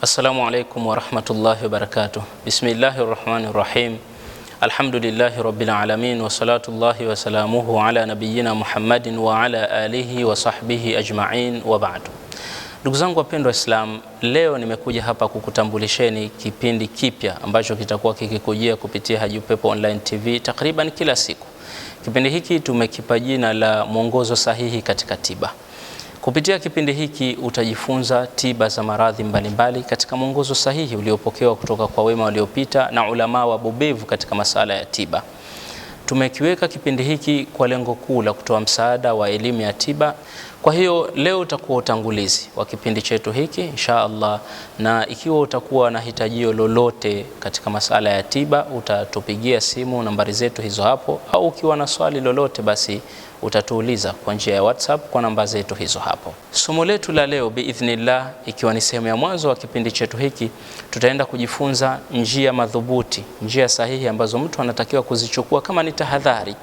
Assalamu alaikum warahmatullahi wabarakatuh. Bismillahi rahmani rahim. Alhamdulillahi rabbil alamin wasalatullahi wasalamuhu ala nabiyina Muhammadin wa ala alihi wa sahbihi ajmain wa ba'du. Ndugu zangu wapendwa islam leo nimekuja hapa kukutambulisheni kipindi kipya ambacho kitakuwa kikikujia kupitia Haji Upepo Online TV takriban kila siku. Kipindi hiki tumekipa jina la mwongozo sahihi katika tiba. Kupitia kipindi hiki utajifunza tiba za maradhi mbalimbali katika mwongozo sahihi uliopokewa kutoka kwa wema waliopita na ulamaa wabobevu katika masala ya tiba. Tumekiweka kipindi hiki kwa lengo kuu la kutoa msaada wa elimu ya tiba kwa hiyo leo utakuwa utangulizi wa kipindi chetu hiki insha Allah, na ikiwa utakuwa na hitajio lolote katika masala ya tiba utatupigia simu nambari zetu hizo hapo, au ukiwa na swali lolote basi utatuuliza kwa njia ya WhatsApp kwa namba zetu hizo hapo. Somo letu la leo biidhnillah, ikiwa ni sehemu ya mwanzo wa kipindi chetu hiki, tutaenda kujifunza njia madhubuti, njia sahihi ambazo mtu anatakiwa kuzichukua kama ni tahadhari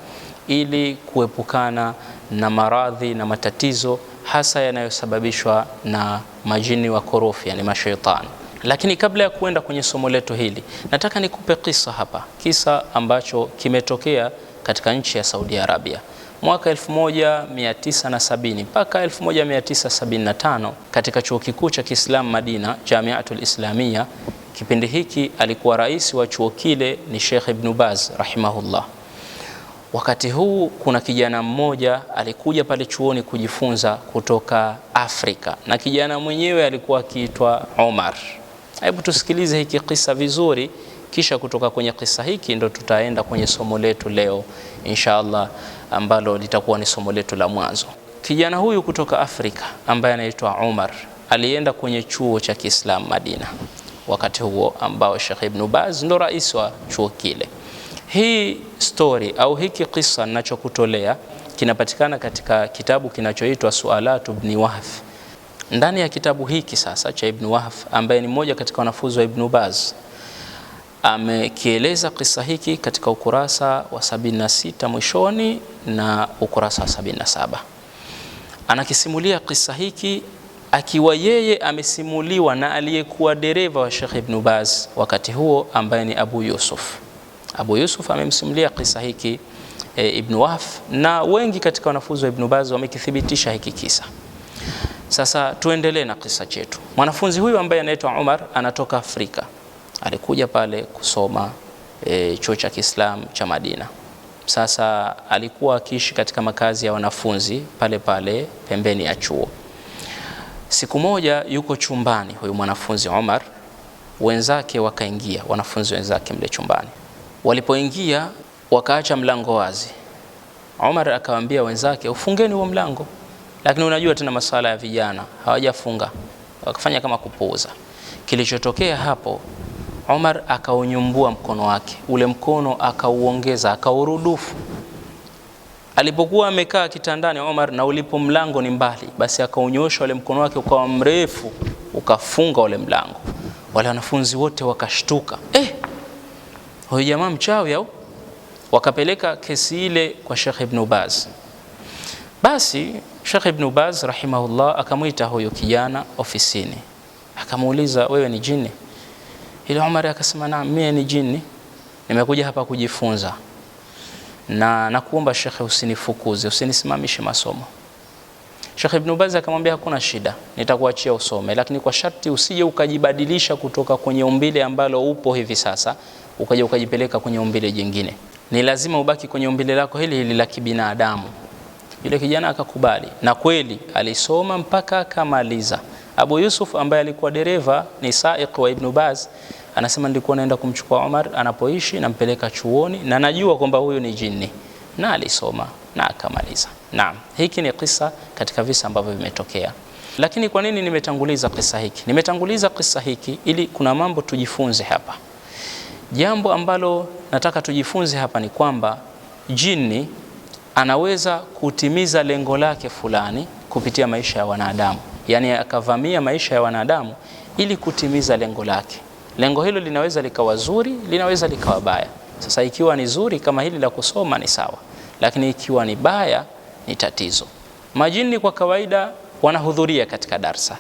ili kuepukana na maradhi na matatizo hasa yanayosababishwa na majini wa korofi, yani mashaitani. Lakini kabla ya kuenda kwenye somo letu hili, nataka nikupe kisa hapa, kisa ambacho kimetokea katika nchi ya Saudi Arabia mwaka 1970 mpaka 1975 katika chuo kikuu cha Kiislamu Madina, Jamiatul Islamia. Kipindi hiki alikuwa rais wa chuo kile ni Sheikh Ibn Baz rahimahullah. Wakati huu kuna kijana mmoja alikuja pale chuoni kujifunza kutoka Afrika, na kijana mwenyewe alikuwa akiitwa Omar. Hebu tusikilize hiki kisa vizuri, kisha kutoka kwenye kisa hiki ndo tutaenda kwenye somo letu leo insha Allah, ambalo litakuwa ni somo letu la mwanzo. Kijana huyu kutoka Afrika ambaye anaitwa Omar alienda kwenye chuo cha Kiislamu Madina, wakati huo ambao Sheikh Ibn Baz ndo rais wa chuo kile. Hii story au hiki kisa ninachokutolea kinapatikana katika kitabu kinachoitwa Sualat Ibn Wahf. Ndani ya kitabu hiki sasa cha Ibn Wahf, ambaye ni mmoja katika wanafunzi wa Ibn Baz, amekieleza kisa hiki katika ukurasa wa 76 mwishoni na ukurasa wa 77. Anakisimulia kisa hiki akiwa yeye amesimuliwa na aliyekuwa dereva wa Sheikh Ibn Baz wakati huo ambaye ni Abu Yusuf Abu Yusuf amemsimulia kisa hiki e, Ibn Wahf na wengi katika wanafunzi wa Ibn Baz wamekithibitisha hiki kisa. Sasa tuendelee na kisa chetu. Mwanafunzi huyu ambaye anaitwa Umar anatoka Afrika, alikuja pale kusoma e, chuo cha Kiislamu cha Madina. Sasa alikuwa akiishi katika makazi ya wanafunzi pale pale pembeni ya chuo. Siku moja yuko chumbani huyu mwanafunzi Omar, wenzake wakaingia, wanafunzi wenzake mle chumbani Walipoingia wakaacha mlango wazi, Umar akawaambia wenzake, ufungeni huo mlango. Lakini unajua tena masala ya vijana hawajafunga, wakafanya kama kupuuza. Kilichotokea hapo, Umar akaunyumbua mkono wake, ule mkono akauongeza, akaurudufu. Alipokuwa amekaa kitandani Omar, na ulipo mlango ni mbali, basi akaunyosha ule mkono wake ukawa mrefu, ukafunga ule mlango. Wale wanafunzi wote wakashtuka, eh, huyo jamaa mchawi au? Wakapeleka kesi ile kwa Sheikh Ibn Baz. Basi Sheikh Ibn Baz rahimahullah akamwita huyo kijana ofisini, akamuuliza wewe ni jini? Ile Umar akasema na mimi ni jini, nimekuja hapa kujifunza, na nakuomba Sheikh, usinifukuze, usinisimamishe masomo Sheikh Ibn Baz akamwambia hakuna shida, nitakuachia usome, lakini kwa sharti usije ukajibadilisha kutoka kwenye umbile ambalo upo hivi sasa ukaja ukajipeleka kwenye umbile jingine. Ni lazima ubaki kwenye umbile lako hili hili la kibinadamu. Yule kijana akakubali, na kweli alisoma mpaka akamaliza. Abu Yusuf ambaye alikuwa dereva ni saiq wa Ibn Baz anasema, nilikuwa naenda kumchukua Omar anapoishi, nampeleka chuoni na najua kwamba huyu ni jini, na alisoma na akamaliza. Naam, hiki ni kisa katika visa ambavyo vimetokea. Lakini kwa nini nimetanguliza kisa hiki? Nimetanguliza kisa hiki ili kuna mambo tujifunze hapa. Jambo ambalo nataka tujifunze hapa ni kwamba jini anaweza kutimiza lengo lake fulani kupitia maisha ya wanadamu, yaani akavamia maisha ya wanadamu ili kutimiza lengo lake. Lengo hilo linaweza likawa zuri, linaweza likawa baya. Sasa ikiwa ni zuri kama hili la kusoma ni sawa, lakini ikiwa ni baya ni tatizo. Majini kwa kawaida wanahudhuria katika darsa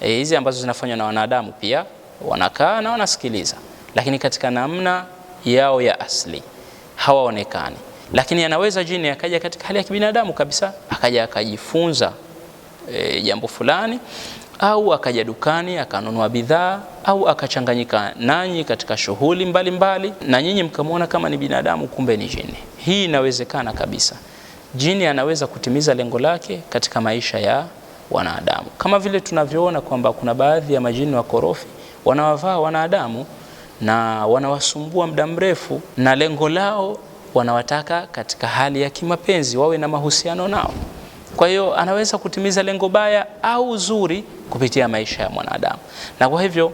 eh, hizi e, ambazo zinafanywa na wanadamu pia wanakaa na wanasikiliza, lakini katika namna yao ya asili hawaonekani, lakini anaweza jini akaja katika hali ya kibinadamu kabisa, akaja akajifunza e, jambo fulani, au akaja dukani akanunua bidhaa, au akachanganyika nanyi katika shughuli mbalimbali, na nyinyi mkamwona kama ni binadamu, kumbe ni jini. Hii inawezekana kabisa jini anaweza kutimiza lengo lake katika maisha ya wanadamu, kama vile tunavyoona kwamba kuna baadhi ya majini wakorofi wanawavaa wanadamu na wanawasumbua muda mrefu, na lengo lao wanawataka katika hali ya kimapenzi, wawe na mahusiano nao. Kwa hiyo anaweza kutimiza lengo baya au zuri kupitia maisha ya mwanadamu, na kwa hivyo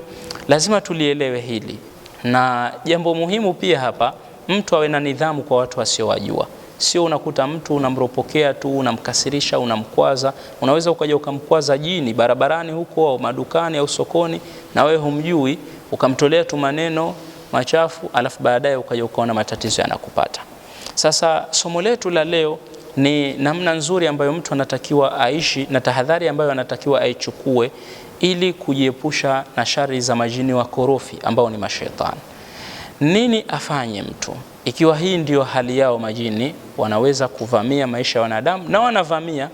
lazima tulielewe hili. Na jambo muhimu pia hapa, mtu awe na nidhamu kwa watu wasiowajua. Sio unakuta mtu unamropokea tu, unamkasirisha, unamkwaza. Unaweza ukaja ukamkwaza jini barabarani huko au madukani au sokoni, na wewe humjui, ukamtolea tu maneno machafu, alafu baadaye ukaja ukaona matatizo yanakupata. Sasa somo letu la leo ni namna nzuri ambayo mtu anatakiwa aishi na tahadhari ambayo anatakiwa aichukue ili kujiepusha na shari za majini wa korofi ambao ni mashetani. Nini afanye mtu? Ikiwa hii ndio hali yao majini, wanaweza kuvamia maisha ya wanadamu na wanavamia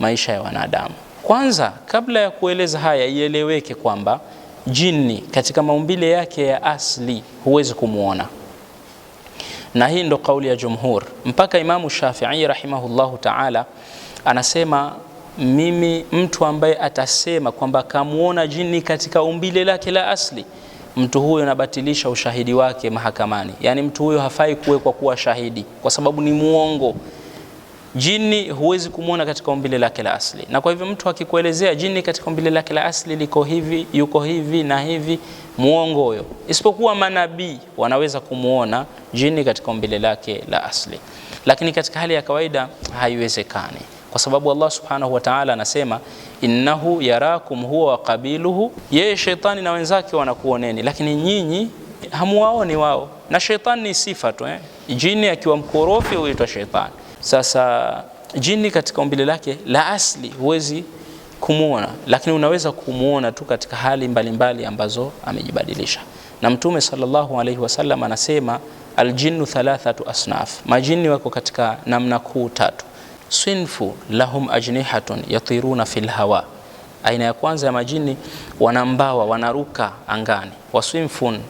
maisha ya wanadamu. Kwanza, kabla ya kueleza haya, ieleweke kwamba jini katika maumbile yake ya asli huwezi kumwona, na hii ndo kauli ya jumhur. Mpaka Imamu Shafi'i rahimahullahu ta'ala anasema mimi, mtu ambaye atasema kwamba kamwona jini katika umbile lake la asli mtu huyo anabatilisha ushahidi wake mahakamani, yaani mtu huyo hafai kuwekwa kuwa shahidi kwa sababu ni muongo. Jini huwezi kumwona katika umbile lake la asili, na kwa hivyo mtu akikuelezea jini katika umbile lake la asili liko hivi, yuko hivi na hivi, muongo huyo, isipokuwa manabii wanaweza kumwona jini katika umbile lake la asili, lakini katika hali ya kawaida haiwezekani kwa sababu Allah subhanahu wa ta'ala anasema innahu yarakum huwa wa qabiluhu, yeye shetani na wenzake wanakuoneni, lakini nyinyi hamuwaoni wao. Na shetani ni sifa tu eh. Jini akiwa mkorofi huitwa shetani. Sasa jini katika umbile lake la asli huwezi kumuona, lakini unaweza kumuona tu katika hali mbalimbali mbali ambazo amejibadilisha. Na Mtume sallallahu alaihi wasallam anasema aljinnu thalathatu asnaf, majini wako katika namna kuu tatu sinfu lahum ajnihatun yatiruna fil hawa, aina ya kwanza ya majini wanambawa, wanaruka angani. Wasinfun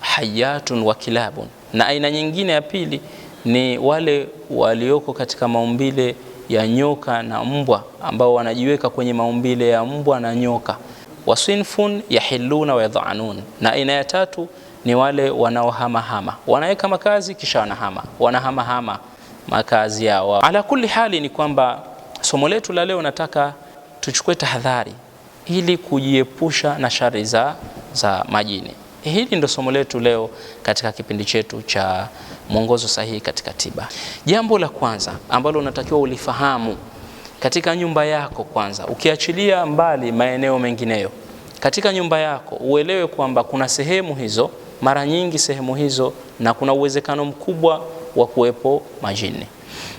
hayatun wa kilabun, na aina nyingine ya pili ni wale walioko katika maumbile ya nyoka na mbwa, ambao wanajiweka kwenye maumbile ya mbwa na nyoka. Wasinfun yahiluna wa yadhanun, na aina ya tatu ni wale wanaohamahama, wanaweka makazi kisha wanahama, wanahamahama makazi yao. Ala kulli hali ni kwamba somo letu la leo nataka tuchukue tahadhari ili kujiepusha na shari za, za majini. Hili ndo somo letu leo katika kipindi chetu cha mwongozo sahihi katika tiba. Jambo la kwanza ambalo unatakiwa ulifahamu katika nyumba yako kwanza, ukiachilia mbali maeneo mengineyo, katika nyumba yako uelewe kwamba kuna sehemu hizo, mara nyingi sehemu hizo, na kuna uwezekano mkubwa wa kuwepo majini.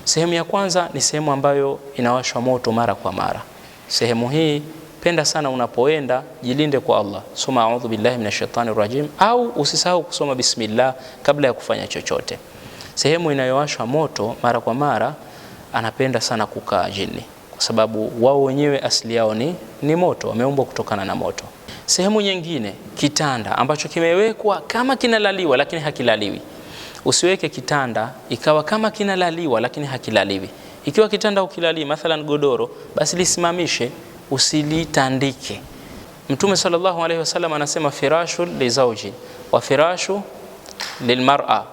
Sehemu ya kwanza ni sehemu ambayo inawashwa moto mara kwa mara. Sehemu hii penda sana unapoenda, jilinde kwa Allah, soma a'udhu billahi minashaitani rajim, au usisahau kusoma bismillah kabla ya kufanya chochote. Sehemu inayowashwa moto mara kwa mara, anapenda sana kukaa jini, kwa sababu wao wenyewe asili yao ni, ni moto, wameumbwa kutokana na moto. Sehemu nyingine, kitanda ambacho kimewekwa kama kinalaliwa, lakini hakilaliwi Usiweke kitanda ikawa kama kinalaliwa lakini hakilaliwi. Ikiwa kitanda ukilalii, mathalan godoro, basi lisimamishe, usilitandike. Mtume sallallahu alaihi wasallam anasema firashu lizauji wa firashu lilmar'a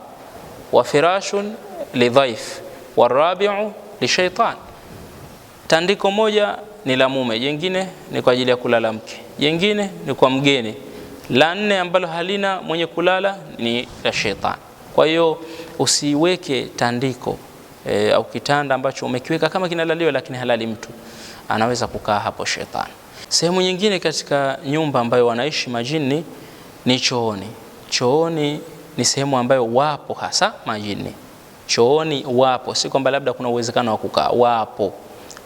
wa firashun lidhaif warabiu lishaitan, tandiko moja ni la mume, jingine ni kwa ajili ya kulala mke, jingine ni kwa mgeni, la nne ambalo halina mwenye kulala ni la sheitani. Kwa hiyo usiweke tandiko e, au kitanda ambacho umekiweka kama kinalaliwa, lakini halali mtu, anaweza kukaa hapo shetani. Sehemu nyingine katika nyumba ambayo wanaishi majini ni chooni. Chooni ni sehemu ambayo wapo hasa majini. Chooni wapo, si kwamba labda kuna uwezekano wa kukaa, wapo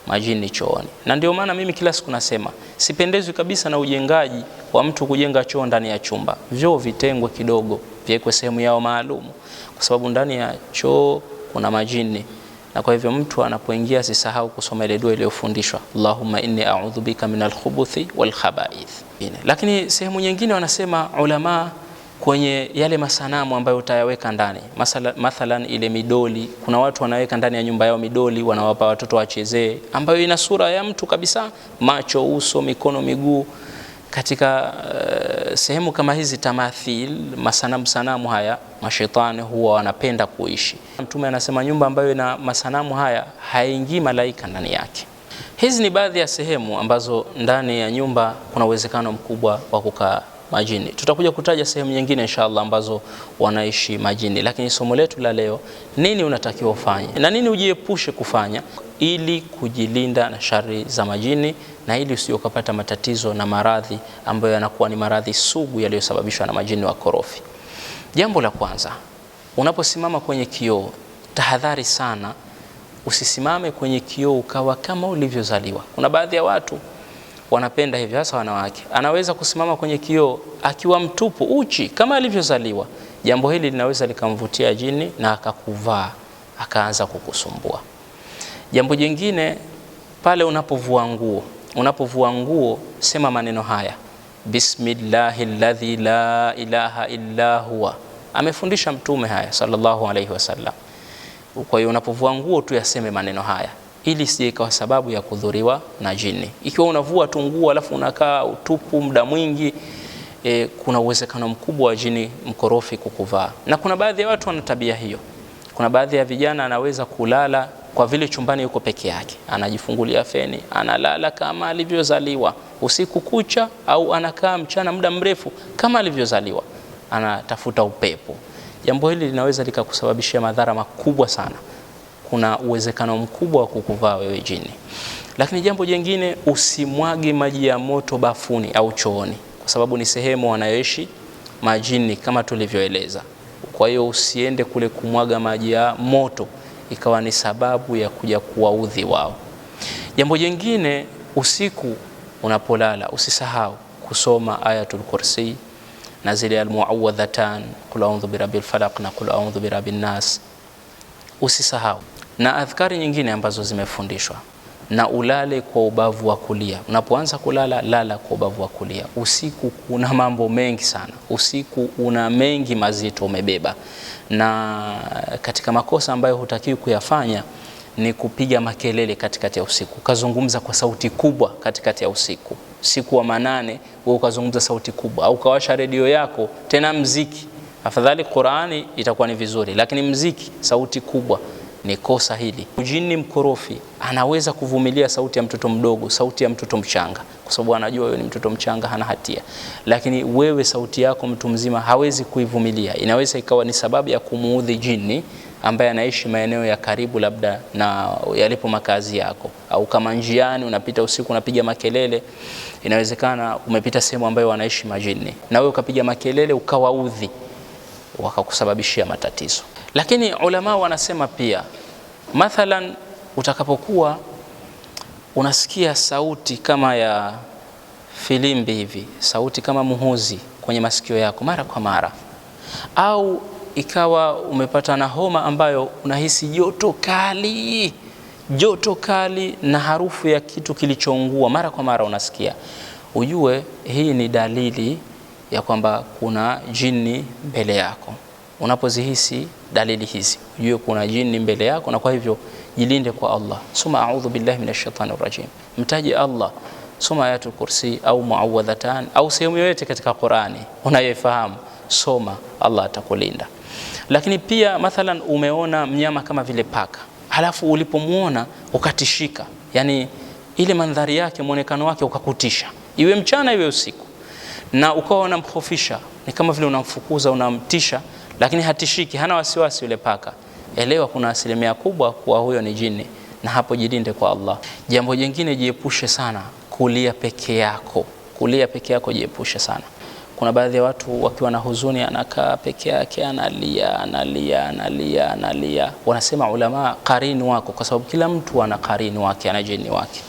majini chooni. Na ndio maana mimi kila siku nasema sipendezwi kabisa na ujengaji wa mtu kujenga choo ndani ya chumba. Vyoo vitengwe kidogo, viwekwe sehemu yao maalumu, kwa sababu ndani ya choo kuna majini, na kwa hivyo mtu anapoingia asisahau kusoma ile dua iliyofundishwa, Allahumma inni a'udhu bika minal khubuthi wal khaba'ith. Lakini sehemu nyingine wanasema ulama kwenye yale masanamu ambayo utayaweka ndani Masala, mathalan ile midoli. Kuna watu wanaweka ndani ya nyumba yao midoli, wanawapa watoto wachezee, ambayo ina sura ya mtu kabisa, macho, uso, mikono, miguu. Katika uh, sehemu kama hizi tamathil, masanamu sanamu haya, mashetani huwa wanapenda kuishi. Mtume anasema nyumba ambayo ina masanamu haya haingii malaika ndani yake. Hizi ni baadhi ya sehemu ambazo ndani ya nyumba kuna uwezekano mkubwa wa kukaa majini. Tutakuja kutaja sehemu nyingine inshallah ambazo wanaishi majini, lakini somo letu la leo, nini unatakiwa ufanye na nini ujiepushe kufanya ili kujilinda na shari za majini na ili usije ukapata matatizo na maradhi ambayo yanakuwa ni maradhi sugu yaliyosababishwa na majini wakorofi. Jambo la kwanza, unaposimama kwenye kioo, tahadhari sana, usisimame kwenye kioo ukawa kama ulivyozaliwa. Kuna baadhi ya watu wanapenda hivyo, hasa wanawake. Anaweza kusimama kwenye kioo akiwa mtupu, uchi kama alivyozaliwa. Jambo hili linaweza likamvutia jini na akakuvaa akaanza kukusumbua. Jambo jingine, pale unapovua nguo, unapovua nguo sema maneno haya, bismillahi lladhi la ilaha illa huwa. Amefundisha Mtume haya sallallahu alaihi wasallam. Kwa hiyo unapovua nguo tu yaseme maneno haya ili sije ikawa sababu ya kudhuriwa na jini. Ikiwa unavua tu nguo alafu unakaa utupu muda mwingi e, kuna uwezekano mkubwa wa jini mkorofi kukuvaa, na kuna baadhi ya watu wana tabia hiyo. Kuna baadhi ya vijana anaweza kulala kwa vile chumbani yuko peke yake, anajifungulia feni, analala kama alivyozaliwa usiku kucha, au anakaa mchana muda mrefu kama alivyozaliwa, anatafuta upepo. Jambo hili linaweza likakusababishia madhara makubwa sana kuna uwezekano mkubwa wa kukuvaa wewe jini. Lakini jambo jingine, usimwage maji ya moto bafuni au chooni, kwa sababu ni sehemu wanayoishi majini kama tulivyoeleza. Kwa hiyo usiende kule kumwaga maji ya moto ikawa ni sababu ya kuja kuwaudhi wao. Jambo jingine, usiku unapolala usisahau kusoma Ayatul Kursi na zile almuawadhatan, qul a'udhu birabbil falaq na qul a'udhu birabbin nas, usisahau na adhkari nyingine ambazo zimefundishwa. Na ulale kwa ubavu wa kulia. Unapoanza kulala, lala kwa ubavu wa kulia. Usiku kuna mambo mengi sana, usiku una mengi mazito umebeba, na katika makosa ambayo hutakiwi kuyafanya ni kupiga makelele katikati ya usiku, ukazungumza kwa sauti kubwa katikati ya usiku, usiku wa manane wewe ukazungumza sauti kubwa, au ukawasha redio yako, tena mziki. Afadhali Qurani itakuwa ni vizuri, lakini mziki sauti kubwa ni kosa hili. Jini mkorofi anaweza kuvumilia sauti ya mtoto mdogo, sauti ya mtoto mchanga, kwa sababu anajua wewe ni mtoto mchanga, hana hatia. Lakini wewe sauti yako mtu mzima hawezi kuivumilia, inaweza ikawa ni sababu ya kumuudhi jini ambaye anaishi maeneo ya karibu labda na yalipo makazi yako, au kama njiani unapita usiku unapiga makelele, inawezekana umepita sehemu ambayo wanaishi majini, na wewe ukapiga makelele ukawaudhi wakakusababishia matatizo. Lakini ulama wanasema pia, mathalan utakapokuwa unasikia sauti kama ya filimbi hivi, sauti kama muhuzi kwenye masikio yako mara kwa mara, au ikawa umepata na homa ambayo unahisi joto kali, joto kali na harufu ya kitu kilichoungua mara kwa mara unasikia, ujue hii ni dalili ya kwamba kuna jini mbele yako. Unapozihisi dalili hizi, ujue kuna jini mbele yako, na kwa hivyo jilinde kwa Allah. Suma a'udhu billahi minash shaitani rajim, mtaji Allah, soma ayatul kursi au muawadhatan au sehemu yoyote katika Qur'ani unayoifahamu, soma, Allah atakulinda. Lakini pia mathalan, umeona mnyama kama vile paka, halafu ulipomuona ukatishika, yani ile mandhari yake, muonekano wake ukakutisha, iwe mchana iwe usiku na ukawa unamhofisha, ni kama vile unamfukuza, unamtisha, lakini hatishiki, hana wasiwasi yule paka, elewa kuna asilimia kubwa kuwa huyo ni jini, na hapo jilinde kwa Allah. Jambo jingine, jiepushe sana kulia peke yako. Kulia peke yako, jiepushe sana. Kuna baadhi ya watu wakiwa na huzuni, anakaa peke yake, analia analia analia analia. Wanasema ulama karini wako, kwa sababu kila mtu ana karini wake, ana jini wake.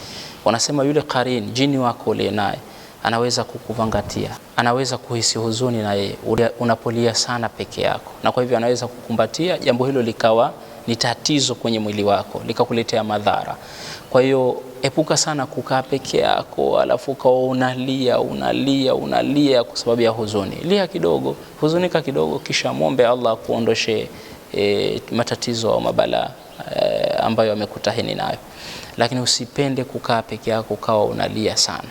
Wanasema yule karini, jini wako ulie naye anaweza kukuvangatia, anaweza kuhisi huzuni na yeye unapolia sana peke yako, na kwa hivyo anaweza kukumbatia, jambo hilo likawa ni tatizo kwenye mwili wako likakuletea madhara. Kwa hiyo epuka sana kukaa peke yako alafu ukawa unalia unalia unalia kwa sababu ya huzuni. Lia kidogo, huzunika kidogo, kisha mwombe Allah kuondoshe e, eh, matatizo au mabala e, ambayo amekutahini nayo lakini usipende kukaa peke yako ukawa unalia sana.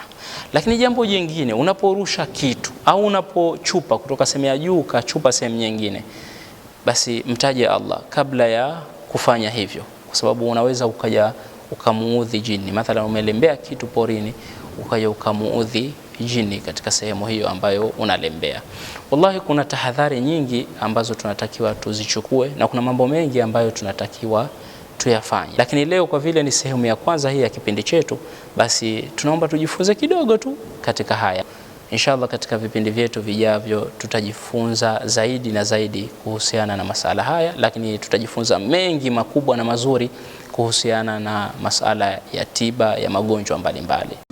Lakini jambo jingine, unaporusha kitu au unapochupa kutoka sehemu ya juu ukachupa sehemu nyingine, basi mtaje Allah kabla ya kufanya hivyo, kwa sababu unaweza ukaja ukamuudhi jini. Mathalan, umelembea kitu porini ukaja ukamuudhi jini katika sehemu hiyo ambayo unalembea. Wallahi, kuna tahadhari nyingi ambazo tunatakiwa tuzichukue na kuna mambo mengi ambayo tunatakiwa tuyafanye. Lakini leo kwa vile ni sehemu ya kwanza hii ya kipindi chetu, basi tunaomba tujifunze kidogo tu katika haya. Inshallah, katika vipindi vyetu vijavyo tutajifunza zaidi na zaidi kuhusiana na masala haya, lakini tutajifunza mengi makubwa na mazuri kuhusiana na masala ya tiba ya magonjwa mbalimbali.